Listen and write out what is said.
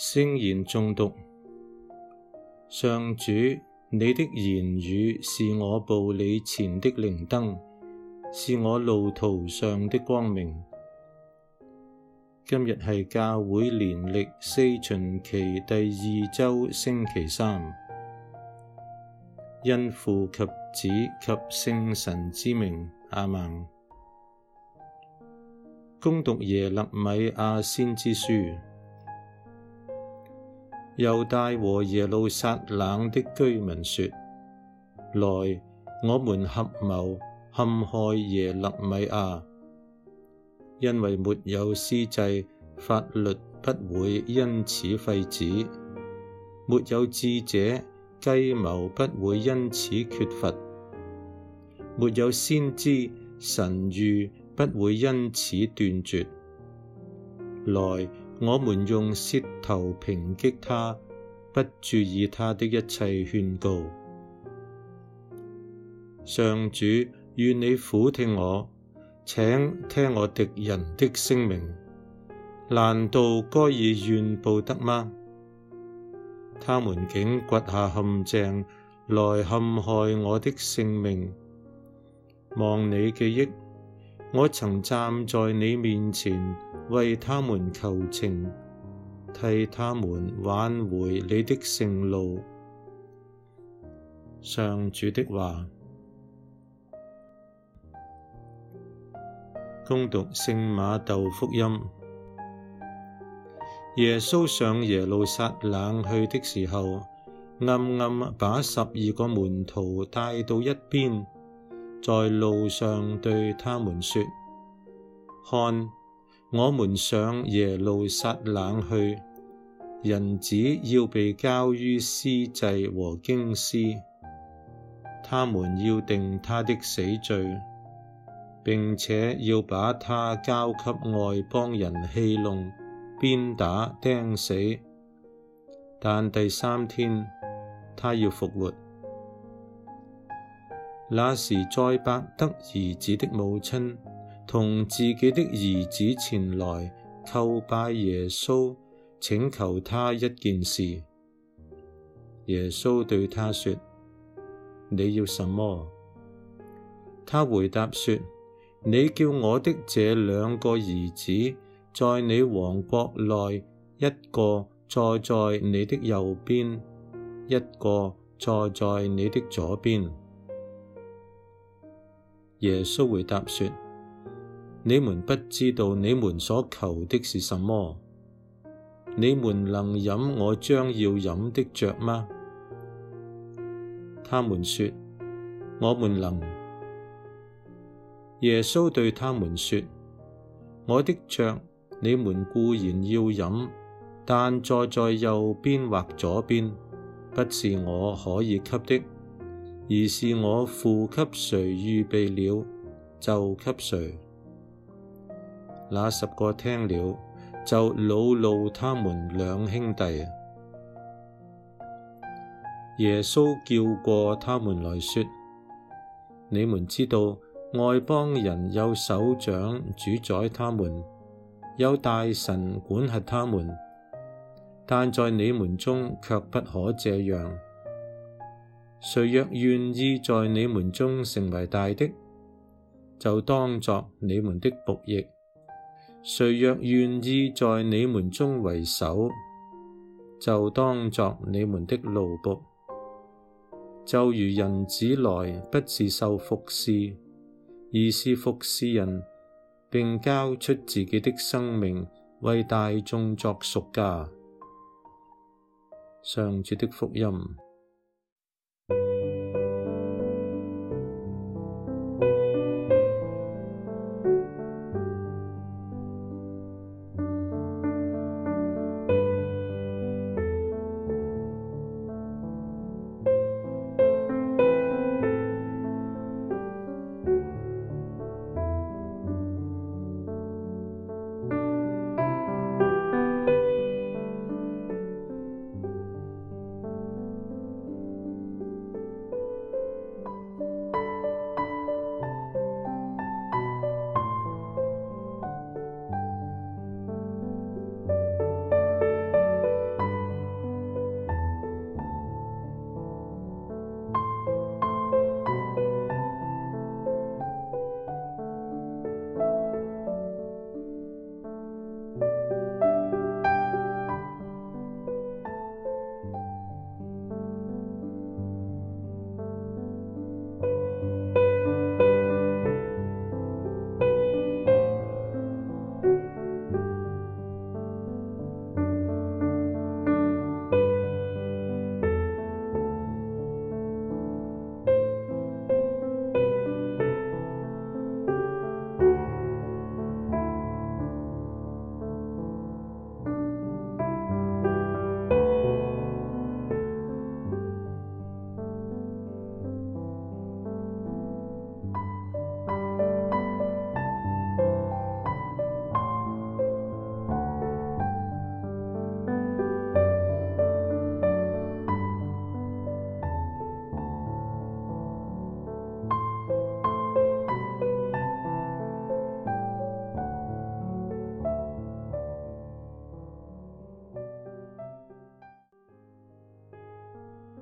聖言誦讀，上主，你的言語是我步履前的靈燈，是我路途上的光明。今日係教會年曆四旬期第二週星期三，因父及子及聖神之名，阿門。恭讀耶肋米亞先知書。猶大和耶路撒冷的居民說：來，我們合謀陷害耶肋米亞，因為沒有司祭，法律不會因此廢止，沒有智者，計謀不會因此缺乏，沒有先知，神諭不會因此斷絕。來。我們用舌頭抨擊他，不注意他的一切勸告。上主，願你俯聽我，請聽我敵人的聲明。難道該以怨報德嗎？他們竟掘下陷阱來陷害我的性命。望你記憶，我曾站在你面前。為他們求情，替他們挽回你的盛怒。上主的話。恭讀聖瑪竇福音。耶穌上耶路撒冷去的時候，暗暗把十二個門徒帶到一邊，在路上對他們說：看。我們上耶路撒冷去，人子要被交於司祭和經師，他們要定他的死罪，並且要把他交給外邦人戲弄、鞭打、釘死。但第三天，他要復活。那時，載伯德兒子的母親。同自己的兒子前來叩拜耶穌，請求他一件事。耶穌對他說：你要什麼？他回答說：你叫我的這兩個兒子，在你王國內一個坐在你的右邊，一個坐在你的左邊。耶穌回答說：你們不知道你們所求的是什麼，你們能飲我將要飲的爵嗎？他們說：我們能。耶穌對他們說：我的爵你們固然要飲，但坐在右邊或左邊，不是我可以給的，而是我父給誰預備了，就給誰。那十個聽了，就惱怒他們兩兄弟。耶穌叫過他們來說：你們知道外邦人有首長主宰他們，有大臣管轄他們，但在你們中卻不可這樣。誰若願意在你們中成為大的，就當作你們的僕役。誰若願意在你們中為首，就當作你們的奴僕；就如人子來，不是受服侍，而是服侍人，並交出自己的生命為大眾作贖價。上主的福音。